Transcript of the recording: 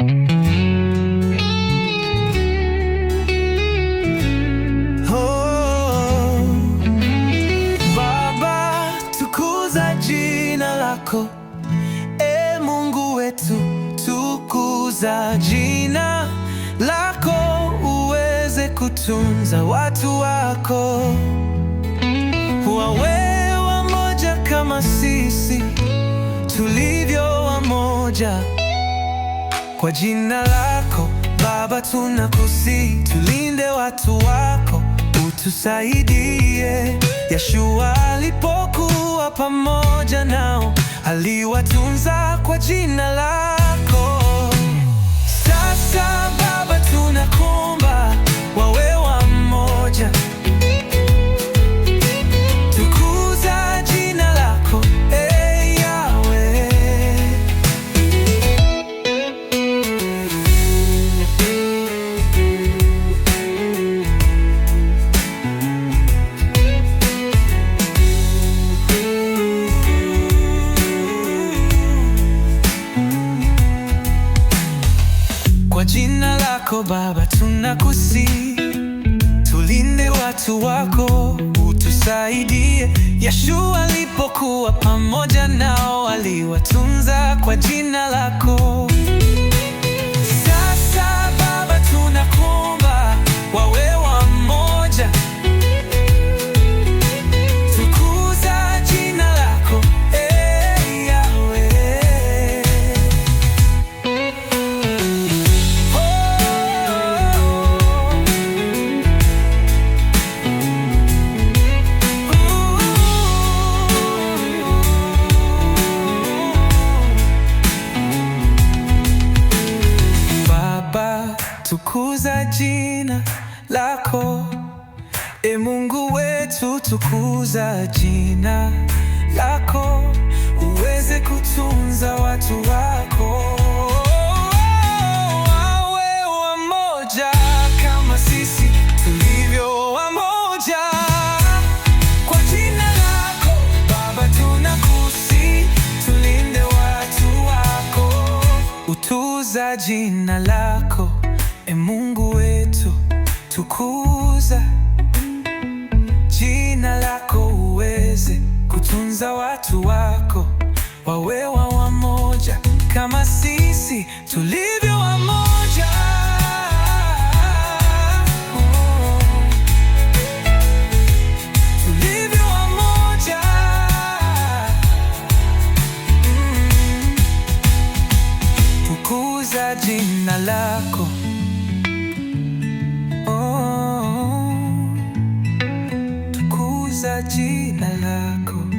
Oh, Baba, tukuza jina lako. E Mungu wetu, tukuza jina lako uweze kutunza watu wako wawe wamoja kama sisi tulivyo wamoja kwa jina lako Baba tunakusihi, tulinde watu wako, utusaidie. Yeshua alipokuwa pamoja nao, aliwatunza kwa jina lako. jina lako Baba, tunakusi tulinde watu wako, utusaidie. Yeshua alipokuwa pamoja nao, aliwatunza kwa jina lako. lako, e Mungu wetu, tukuza jina lako, uweze kutunza watu wako wawe kama sisi Kwa jina lako Baba tunakusi, tulinde watu wako, utuza jina lako, e Mungu wetu tukuza jina lako, uweze kutunza watu wako wawe wa wamoja kama sisi tulivyo wamoja. Mm. Tukuza jina lako Oh, tukuza jina lako